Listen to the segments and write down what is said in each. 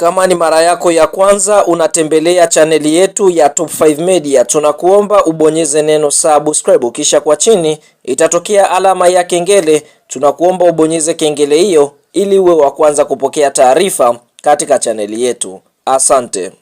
Kama ni mara yako ya kwanza unatembelea chaneli yetu ya Top 5 Media, tunakuomba ubonyeze neno subscribe, kisha kwa chini itatokea alama ya kengele. Tunakuomba ubonyeze kengele hiyo ili uwe wa kwanza kupokea taarifa katika chaneli yetu. Asante.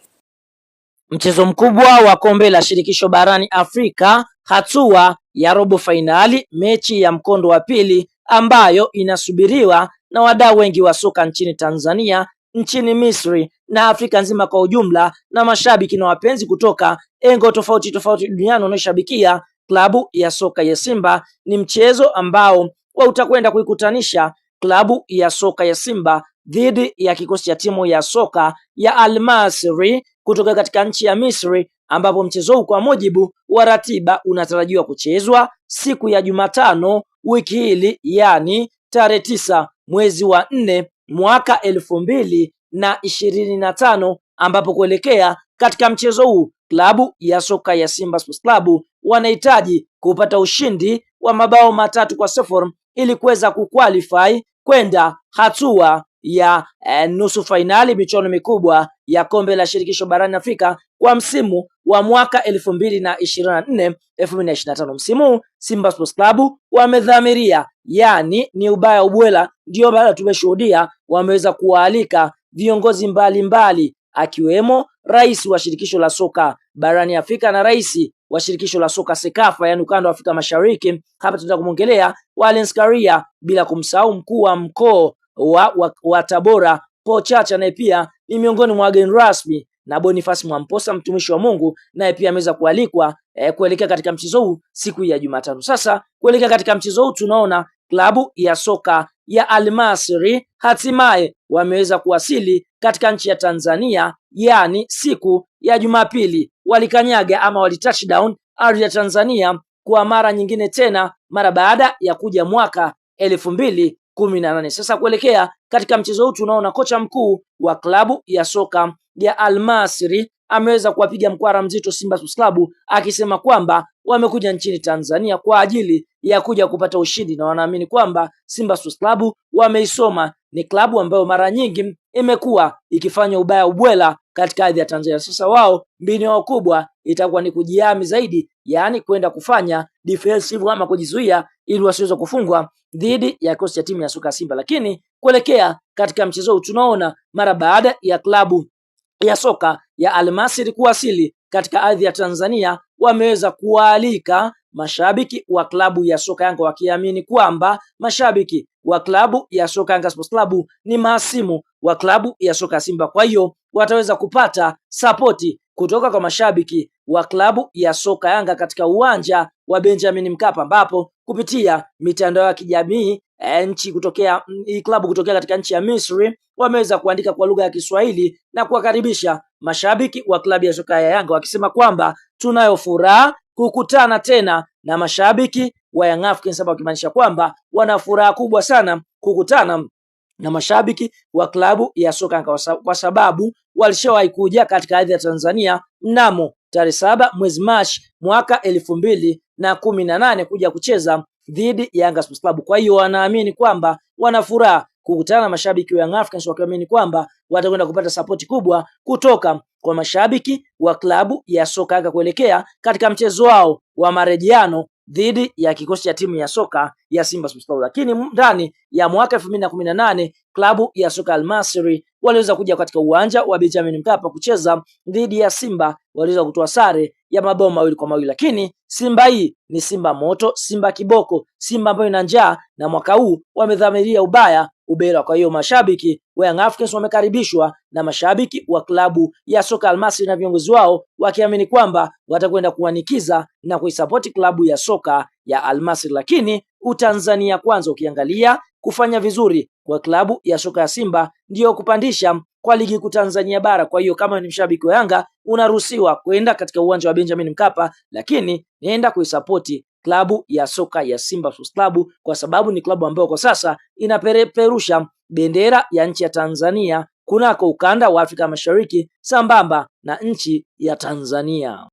Mchezo mkubwa wa kombe la shirikisho barani Afrika, hatua ya robo fainali, mechi ya mkondo wa pili ambayo inasubiriwa na wadau wengi wa soka nchini Tanzania nchini Misri na Afrika nzima kwa ujumla, na mashabiki na wapenzi kutoka engo tofauti tofauti duniani wanaoshabikia klabu ya soka ya Simba. Ni mchezo ambao utakwenda kuikutanisha klabu ya soka ya Simba dhidi ya kikosi cha timu ya soka ya Al-Masri kutoka katika nchi ya Misri, ambapo mchezo huu kwa mujibu wa ratiba unatarajiwa kuchezwa siku ya Jumatano wiki hili, yani tarehe tisa mwezi wa nne mwaka elfu mbili na ishirini na tano ambapo kuelekea katika mchezo huu klabu ya soka ya Simba Sports Club wanahitaji kupata ushindi wa mabao matatu kwa sifuri ili kuweza kuqualify kwenda hatua ya eh, nusu fainali michuano mikubwa ya kombe la shirikisho barani Afrika kwa msimu wa mwaka elfu mbili na Msimu Simba Sports Club wamedhamiria, yani ni ubaya ubwela, ndio maana tumeshuhudia wameweza kuwaalika viongozi mbalimbali mbali, akiwemo rais wa shirikisho la soka barani Afrika na rais wa shirikisho la soka Sekafa, yani ukanda wa Afrika Mashariki. Hapa tunataka kumwongelea Wallace Karia, bila kumsahau mkuu wa mkoa wa, wa, wa Tabora. Paul Chacha naye pia ni miongoni mwa wageni rasmi na Boniface Mwamposa mtumishi wa Mungu naye pia ameweza kualikwa eh, kuelekea katika mchezo huu siku ya Jumatano. Sasa kuelekea katika mchezo huu tunaona klabu ya soka ya Almasri hatimaye wameweza kuwasili katika nchi ya Tanzania, yani siku ya Jumapili walikanyaga ama wali ardhi ya Tanzania kwa mara nyingine tena, mara baada ya kuja mwaka elfu mbili kumi na nane. Sasa kuelekea katika mchezo huu tunaona kocha mkuu wa klabu ya soka ya Almasri ameweza kuwapiga mkwara mzito Simba Sports Club akisema kwamba wamekuja nchini Tanzania kwa ajili ya kuja kupata ushindi na wanaamini kwamba Simba Sports Club wameisoma. Ni klabu ambayo mara nyingi imekuwa ikifanya ubaya ubwela katika ardhi ya Tanzania. Sasa wao mbinu yao kubwa itakuwa ni kujihami zaidi, yaani kwenda kufanya defensive ama kujizuia ili wasiweze kufungwa dhidi ya kikosi cha timu ya soka Simba. Lakini kuelekea katika mchezo huu, tunaona mara baada ya klabu ya soka ya Almasri kuwasili katika ardhi ya Tanzania, wameweza kuwaalika mashabiki wa klabu ya soka Yanga wakiamini kwamba mashabiki wa klabu ya soka Yanga Sports Club ni maasimu wa klabu ya soka Simba. Kwa hiyo wataweza kupata sapoti kutoka kwa mashabiki wa klabu ya soka Yanga katika uwanja wa Benjamin Mkapa, ambapo kupitia mitandao ya kijamii e, nchi kutokea hii klabu kutokea katika nchi ya Misri wameweza kuandika kwa lugha ya Kiswahili na kuwakaribisha mashabiki wa klabu ya soka ya Yanga wakisema kwamba tunayo furaha kukutana tena na mashabiki wa Young Africans, hapa wakimaanisha kwamba wana furaha kubwa sana kukutana na mashabiki wa klabu ya soka kwa sababu walishawahi kuja katika ardhi ya Tanzania mnamo tarehe saba mwezi Machi mwaka elfu mbili na kumi na nane kuja kucheza dhidi ya Yanga Sports Club. Kwa hiyo wanaamini kwamba wana furaha kukutana na mashabiki wa Young Africans wakiamini kwamba watakwenda kupata sapoti kubwa kutoka kwa mashabiki wa klabu ya soka Yanga kuelekea katika mchezo wao wa marejeano dhidi ya kikosi cha timu ya soka ya Simba Sports Club, lakini ndani ya mwaka elfu mbili na kumi na nane klabu ya soka Almasri waliweza kuja katika uwanja wa Benjamin Mkapa kucheza dhidi ya Simba, waliweza kutoa sare ya mabao mawili kwa mawili, lakini Simba hii ni Simba moto, Simba kiboko, Simba ambayo ina njaa, na mwaka huu wamedhamiria ubaya ubera. Kwa hiyo mashabiki wa Young Africans wamekaribishwa na mashabiki wa klabu ya soka Almasri na viongozi wao wakiamini kwamba watakwenda kuanikiza na kuisapoti klabu ya soka ya Almasi. Lakini utanzania kwanza, ukiangalia kufanya vizuri kwa klabu ya soka ya Simba ndiyo kupandisha kwa ligi kuu Tanzania bara. Kwa hiyo kama ni mshabiki wa Yanga unaruhusiwa kwenda katika uwanja wa Benjamin Mkapa, lakini nienda kuisapoti klabu ya soka ya Simba Sports Club, kwa sababu ni klabu ambayo kwa sasa inapeperusha bendera ya nchi ya Tanzania kunako ukanda wa Afrika Mashariki sambamba na nchi ya Tanzania.